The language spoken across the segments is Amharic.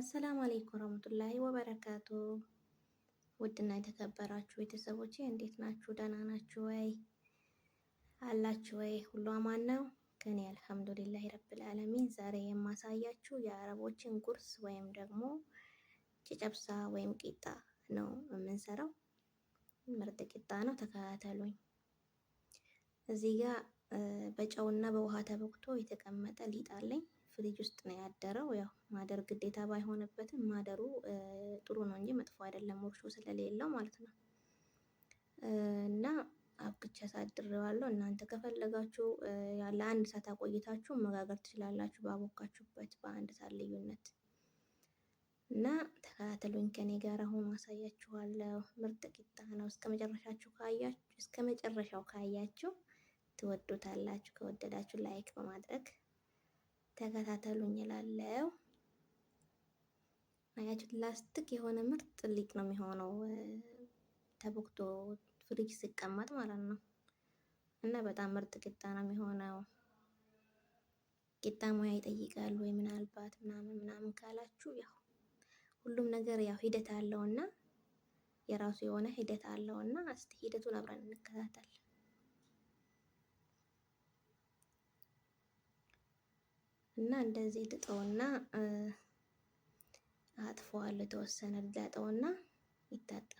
አሰላሙ አለይኩም ወረህመቱላሂ ወበረካቱ። ውድና የተከበራችሁ ቤተሰቦች እንዴት ናችሁ? ደህና ናችሁ ወይ? አላችሁ ወይ? ሁሉ አማን ነው? ከኔ አልሐምዱሊላሂ ረብል ዓለሚን። ዛሬ የማሳያችሁ የአረቦችን ጉርስ ወይም ደግሞ ጨጨብሳ ወይም ቂጣ ነው የምንሰራው። ምርጥ ቂጣ ነው። ተከታተሉኝ። እዚህ ጋር በጨውና በውሃ ተቦክቶ የተቀመጠ ሊጥ አለኝ። ፍሪጅ ውስጥ ነው ያደረው። ያው ማደር ግዴታ ባይሆንበትም ማደሩ ጥሩ ነው እንጂ መጥፎ አይደለም፣ ወፍጮ ስለሌለው ማለት ነው። እና አብክቼ አሳድሬዋለሁ። እናንተ ከፈለጋችሁ ለአንድ ሰዓት አቆይታችሁ መጋገር ትችላላችሁ፣ ባቦካችሁበት በአንድ ሰዓት ልዩነት እና ተከታተሉኝ። ከኔ ጋር አሁን አሳያችኋለሁ። ምርጥ ቂጣ ነው። እስከ መጨረሻችሁ ካያችሁ እስከ መጨረሻው ካያችሁ ትወዱታላችሁ። ከወደዳችሁ ላይክ በማድረግ ተከታተሉኝ እላለሁ። አያችሁት? ላስቲክ የሆነ ምርጥ ሊጥ ነው የሚሆነው ተቦክቶ ፍሪጅ ሲቀመጥ ማለት ነው። እና በጣም ምርጥ ቂጣ ነው የሚሆነው። ቂጣ ሙያ ይጠይቃል ወይ ምናልባት ምናምን ምናምን ካላችሁ ያው ሁሉም ነገር ያው ሂደት አለውና የራሱ የሆነ ሂደት እና እስቲ ሂደቱን አብረን እንከታተል። እና እንደዚህ ልጠውና አጥፈዋለሁ። የተወሰነ ልጠውና ይታጠፋል።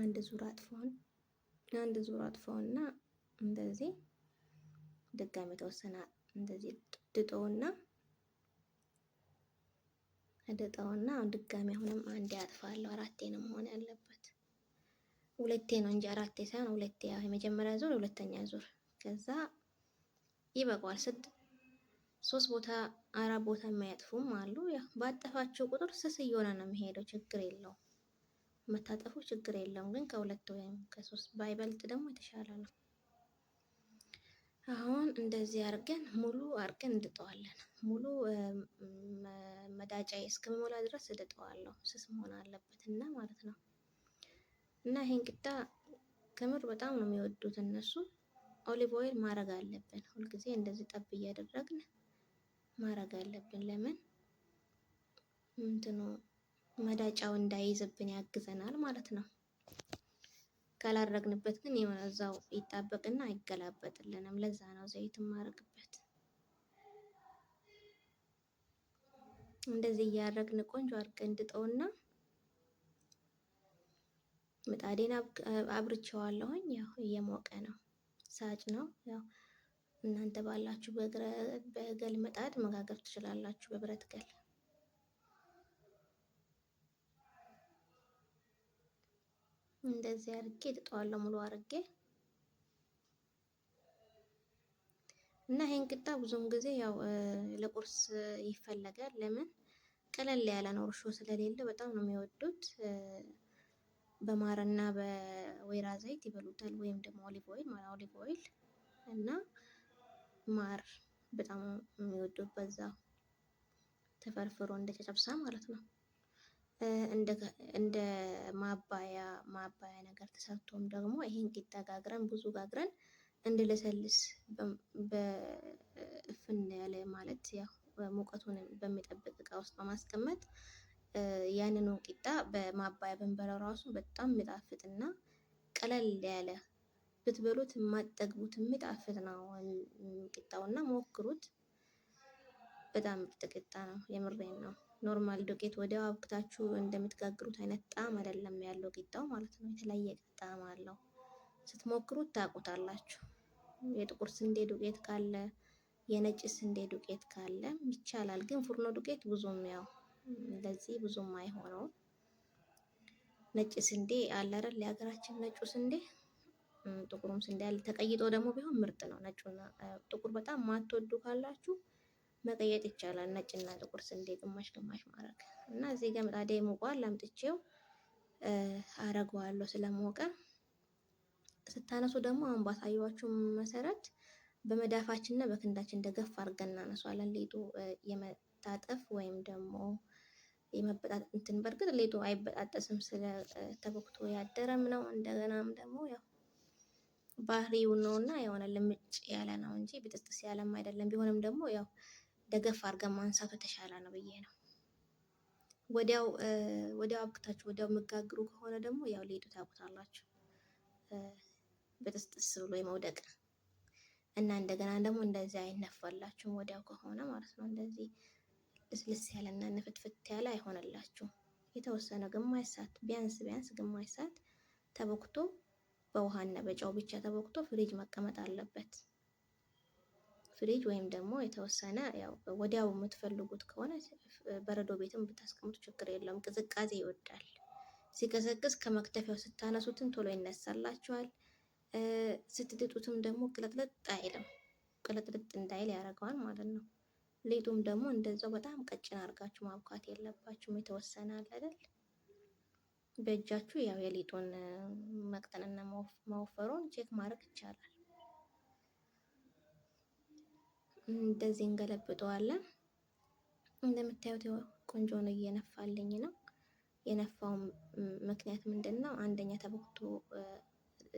አንድ ዙር አጥፈውን አንድ ዙር አጥፈውና እንደዚህ ድጋሚ የተወሰነ እንደዚህ ድጠውና ድጠውና ድጋሚ አሁንም አንድ ያጥፋለሁ። አራቴ ነው መሆን ያለበት። ሁለቴ ነው እንጂ አራቴ ሳይሆን ሁለቴ። ያው የመጀመሪያ ዙር፣ ሁለተኛ ዙር ከዛ ይበቃዋል። ስድ ሶስት ቦታ አራት ቦታ የማያጥፉም አሉ። ያ ቁጥር ስስ እየሆነ ነው የሚሄደው። ችግር የለውም መታጠፉ ችግር የለውም። ግን ከሁለት ወይም ከሶስት ባይበልጥ ደግሞ የተሻለ ነው። አሁን እንደዚህ አድርገን ሙሉ አድርገን እንድጠዋለን። ሙሉ መዳጫ እስከሚሞላ ድረስ እድጠዋለሁ። ስስ መሆን አለበት እና ማለት ነው እና ይሄን ቂጣ ከምር በጣም ነው የሚወዱት እነሱ ኦሊቭ ኦይል ማድረግ አለብን። ሁልጊዜ እንደዚህ ጠብ እያደረግን ማድረግ አለብን። ለምን እንትኑ መዳጫው እንዳይዝብን ያግዘናል ማለት ነው። ካላረግንበት ግን እዛው ይጣበቅና አይገላበጥልንም። ለዛ ነው ዘይት ማድረግበት። እንደዚህ እያደረግን ቆንጆ አድርገን እንድጠውና ምጣዴን አብርቸዋለሁኝ። ያው እየሞቀ ነው። ሳጭ ነው። ያው እናንተ ባላችሁ በገል መጣድ መጋገር ትችላላችሁ በብረት ገል። እንደዚህ አድርጌ ጥጠዋለሁ ሙሉ አድርጌ እና ይሄን ቂጣ ብዙውን ጊዜ ያው ለቁርስ ይፈለጋል። ለምን ቀለል ያለ ነው፣ እርሾ ስለሌለው በጣም ነው የሚወዱት። በማርና በወይራ ዘይት ይበሉታል። ወይም ደግሞ ኦሊቭ ኦይል ማር ኦሊቭ ኦይል እና ማር በጣም የሚወዱት በዛ ተፈርፍሮ እንደ ጨጨብሳ ማለት ነው። እንደ ማባያ ማባያ ነገር ተሰርቶም ደግሞ ይሄን ቂጣ ጋግረን ብዙ ጋግረን እንድለሰልስ በእፍን ያለ ማለት ያው ሙቀቱን በሚጠብቅ እቃ ውስጥ በማስቀመጥ ያንን ቂጣ በማባያ ብንበላው ራሱ በጣም የሚጣፍጥና ቀለል ያለ ብትበሉት የማትጠግቡት የሚጣፍጥ ነው እና ሞክሩት። በጣም ምርጥ ቂጣ ነው። የምሬን ነው። ኖርማል ዱቄት ወዲያው አብክታችሁ እንደምትጋግሩት አይነት ጣዕም አይደለም ያለው ቂጣው ማለት ነው። የተለያየ ጣዕም አለው። ስትሞክሩት ታውቁታላችሁ። የጥቁር ስንዴ ዱቄት ካለ የነጭ ስንዴ ዱቄት ካለ ይቻላል። ግን ፉርኖ ዱቄት ብዙም ያው እንደዚህ ብዙም አይሆነውም። ነጭ ስንዴ አለ አይደል? የሀገራችን ነጩ ስንዴ ጥቁሩም ስንዴ አለ። ተቀይጦ ደግሞ ቢሆን ምርጥ ነው። ነጩና ጥቁር በጣም ማትወዱ ካላችሁ መቀየጥ ይቻላል። ነጭና ጥቁር ስንዴ ግማሽ ግማሽ ማድረግ እና እዚህ ጋር ምጣዴ ይሞቋል። አምጥቼው አረገዋለሁ ስለሞቀ። ስታነሱ ደግሞ አሁን ባሳየኋችሁ መሰረት በመዳፋችን እና በክንዳችን ደገፍ አድርገን እናነሷለን። ሊጡ የመታጠፍ ወይም ደግሞ የመበጣጠስ እንትን በርግጥ ሌጡ አይበጣጠስም ስለ ተቦክቶ ያደረም ነው። እንደገናም ደግሞ ያው ባህሪው ነው እና የሆነ ልምጭ ያለ ነው እንጂ ብጥስጥስ ያለም አይደለም። ቢሆንም ደግሞ ያው ደገፍ አድርገን ማንሳቱ የተሻለ ነው ብዬ ነው። ወዲያው ወዲያው አብክታችሁ ወዲያው የምጋግሩ ከሆነ ደግሞ ያው ሌጡ ታውቁታላችሁ ብጥስጥስ ብሎ የመውደቅ እና እንደገና ደግሞ እንደዚህ አይነፋላችሁም ወዲያው ከሆነ ማለት ነው እንደዚህ ልስልስ ያለና ንፍትፍት ያለ አይሆንላችሁ። የተወሰነ ግማሽ ሰዓት ቢያንስ ቢያንስ ግማሽ ሰዓት ተቦክቶ በውሃና በጨው ብቻ ተቦክቶ ፍሪጅ መቀመጥ አለበት። ፍሪጅ ወይም ደግሞ የተወሰነ ያው ወዲያው የምትፈልጉት ከሆነ በረዶ ቤትም ብታስቀምጡ ችግር የለውም። ቅዝቃዜ ይወዳል። ሲቀዘቅዝ ከመክተፊያው ስታነሱትም ቶሎ ይነሳላችኋል። ስትጥጡትም ደግሞ ቅልጥልጥ አይልም። ቅልጥልጥ እንዳይል ያደርገዋል ማለት ነው። ሊጡም ደግሞ እንደዛው በጣም ቀጭን አድርጋችሁ ማብካት የለባችሁም። የተወሰነ አለ አይደል? በእጃችሁ ያው የሊጡን መቅጠንና መወፈሩን ቼክ ማድረግ ይቻላል። እንደዚህ እንገለብጠዋለን። እንደምታዩት ቆንጆ ነው እየነፋልኝ ነው። የነፋው ምክንያት ምንድን ነው? አንደኛ ተቦክቶ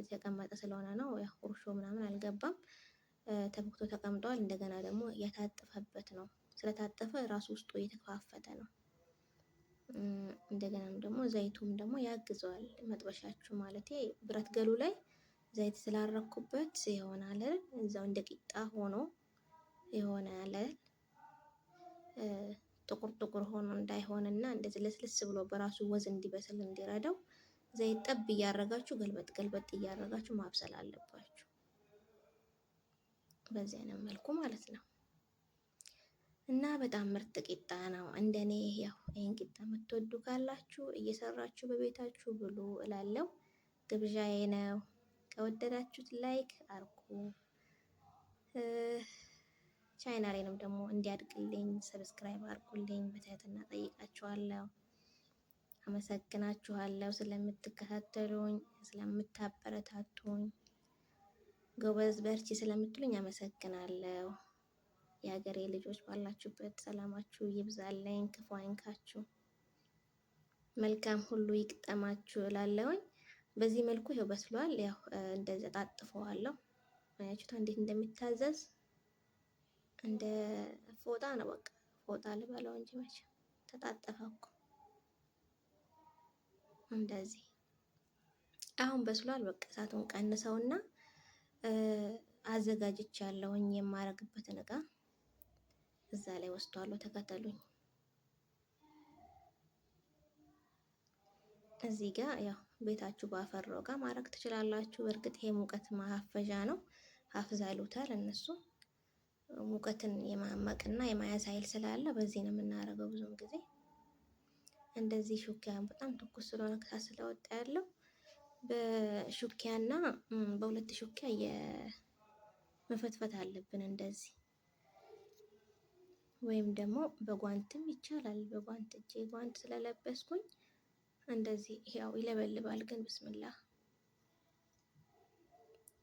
የተቀመጠ ስለሆነ ነው። ያው እርሾ ምናምን አልገባም። ተቦክቶ ተቀምጧል። እንደገና ደግሞ የታጠፈበት ነው። ስለታጠፈ ራሱ ውስጡ እየተከፋፈተ ነው። እንደገናም ደግሞ ዘይቱም ደግሞ ያግዘዋል። መጥበሻችሁ ማለት ብረት ገሉ ላይ ዘይት ስላረኩበት አለ እዛው እንደ ቂጣ ሆኖ አለ ጥቁር ጥቁር ሆኖ እና እንደዚህ ለስልስ ብሎ በራሱ ወዝ እንዲበስል እንዲረዳው ዘይት ጠብ እያረጋችሁ ገልበጥ ገልበጥ እያረጋችሁ ማብሰል አለባችሁ። በዚህ አይነት መልኩ ማለት ነው። እና በጣም ምርጥ ቂጣ ነው። እንደኔ ያው ይህን ቂጣ የምትወዱ ካላችሁ እየሰራችሁ በቤታችሁ ብሉ እላለሁ። ግብዣዬ ነው። ከወደዳችሁት ላይክ አርጉ። ቻይናሌንም ደግሞ እንዲያድግልኝ ሰብስክራይብ አርጉልኝ በትህትና ጠይቃችኋለሁ። አመሰግናችኋለሁ ስለምትከታተሉኝ፣ ስለምታበረታቱኝ። ጎበዝ በርቺ ስለምትሉኝ አመሰግናለሁ። የሀገሬ ልጆች ባላችሁበት ሰላማችሁ ይብዛልኝ፣ ክፉ አይንካችሁ፣ መልካም ሁሉ ይቅጠማችሁ እላለሁኝ። በዚህ መልኩ ይኸው በስሏል። ያው እንደዚህ ጣጥፈዋለሁ። አያችሁታ እንዴት እንደሚታዘዝ እንደ ፎጣ ነው። በቃ ፎጣ ልበለው እንጂ መቼ ተጣጠፈ እኮ እንደዚህ። አሁን በስሏል። በቃ እሳቱን ቀንሰውና አዘጋጅቻ ያለውኝ የማረግበትን እቃ እዛ ላይ ወስቷለሁ። ተከተሉኝ። እዚህ ጋር ያው ቤታችሁ ባፈራው እቃ ማድረግ ትችላላችሁ። በእርግጥ ይሄ ሙቀት ማፈዣ ነው፣ ሀፍዛ ይሉታል እነሱ። ሙቀትን የማመቅና የማያዝ ኃይል ስላለ በዚህ ነው የምናደርገው። ብዙውን ጊዜ እንደዚህ ሹካ በጣም ትኩስ ስለሆነ ከሳት ስለወጣ ያለው በሹኪያ እና በሁለት ሹኪያ የመፈትፈት አለብን እንደዚህ። ወይም ደግሞ በጓንትም ይቻላል። በጓንት እጄ ጓንት ስለለበስኩኝ እንደዚህ ያው ይለበልባል፣ ግን ብስምላ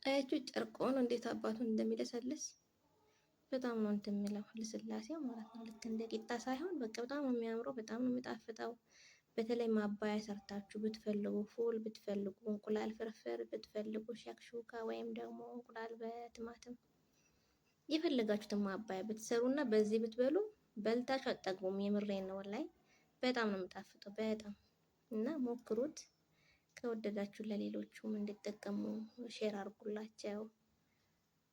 አያችሁ ጨርቆን እንዴት አባቱን እንደሚለሰልስ በጣም ነው እንትን የሚለው ማለት ነው። ልክ እንደ ቂጣ ሳይሆን በቃ በጣም ነው የሚያምረው። በጣም ነው የሚጣፍጠው። በተለይ ማባያ ሰርታችሁ ብትፈልጉ ፉል ብትፈልጉ እንቁላል ፍርፍር ብትፈልጉ ሸክሹካ ወይም ደግሞ እንቁላል በቲማቲም የፈለጋችሁትን ማባያ ብትሰሩ እና በዚህ ብትበሉ በልታችሁ አጠግቡም። የምሬን ነው ላይ በጣም ነው የምጣፍጠው በጣም እና ሞክሩት። ከወደዳችሁ ለሌሎቹም እንድጠቀሙ ሼር አርጉላቸው።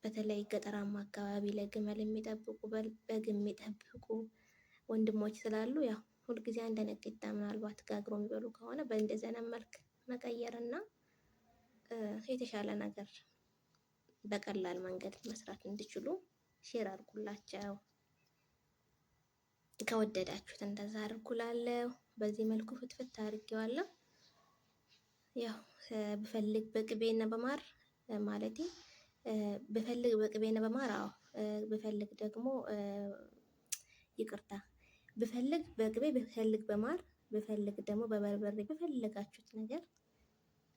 በተለይ ገጠራማ አካባቢ ለግመል የሚጠብቁ በግ የሚጠብቁ ወንድሞች ስላሉ ያው ሁልጊዜ አንድ አይነት ቂጣ ምናልባት ጋግሮ የሚበሉ ከሆነ በእንደዚህ አይነት መልክ እና የተሻለ ነገር በቀላል መንገድ መስራት እንዲችሉ ሼር አድርጉላቸው። ከወደዳችሁት እንደዛ አድርጉላለሁ። በዚህ መልኩ ፍትፍት አድርጌዋለሁ። ያው ብፈልግ በቅቤና በማር ማለት ብፈልግ በቅቤና በማር አዎ፣ ብፈልግ ደግሞ ይቅርታ ብፈልግ በቅቤ ብፈልግ በማር ብፈልግ ደግሞ በበርበሬ በፈለጋችሁት ነገር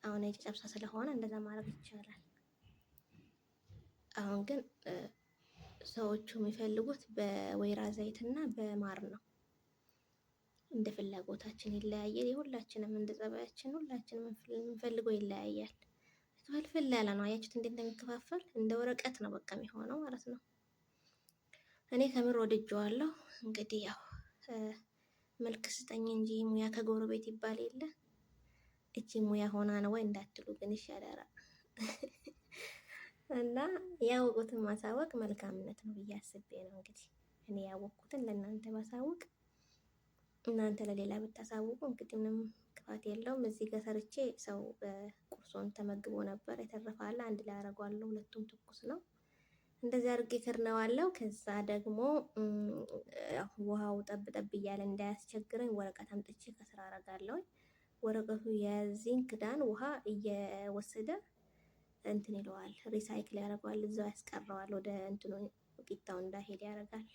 አሁን የጨጨብሳ ጨብሳ ስለሆነ እንደዛ ማድረግ ይቻላል። አሁን ግን ሰዎቹ የሚፈልጉት በወይራ ዘይት እና በማር ነው። እንደ ፍላጎታችን ይለያያል። የሁላችንም እንደ ጸባያችን ሁላችንም የምንፈልገው ይለያያል። ክፍልፍል ያለ ነው። አያችሁት እንዴት እንደሚከፋፈል እንደ ወረቀት ነው በቃ የሚሆነው ማለት ነው። እኔ ከምር ወድጀዋለሁ። እንግዲህ ያው መልክ ስጠኝ እንጂ ሙያ ከጎረቤት ይባል የለ። እቺ ሙያ ሆና ነው ወይ እንዳትሉ ግን ይሻላል። እና ያወቁትን ማሳወቅ መልካምነት ነው ብዬ አስቤ ነው። እንግዲህ እኔ ያወቅኩትን ለእናንተ ማሳወቅ፣ እናንተ ለሌላ ብታሳውቁ እንግዲህ ምንም ክፋት የለውም። እዚህ ጋር ሰርቼ ሰው ቁርሶን ተመግቦ ነበር። የተረፋለ አንድ ላይ አረጓለሁ። ሁለቱም ትኩስ ነው። እንደዚህ አድርጌ ከድነዋለሁ። ከዛ ደግሞ ውሃው ጠብ ጠብ እያለ እንዳያስቸግረኝ ወረቀት አምጥቼ ከስራ አረጋለሁኝ። ወረቀቱ የዚህን ክዳን ውሃ እየወሰደ እንትን ይለዋል፣ ሪሳይክል ያደርገዋል፣ እዛው ያስቀረዋል። ወደ እንትኑ ቂጣው እንዳይሄድ ያደርጋል።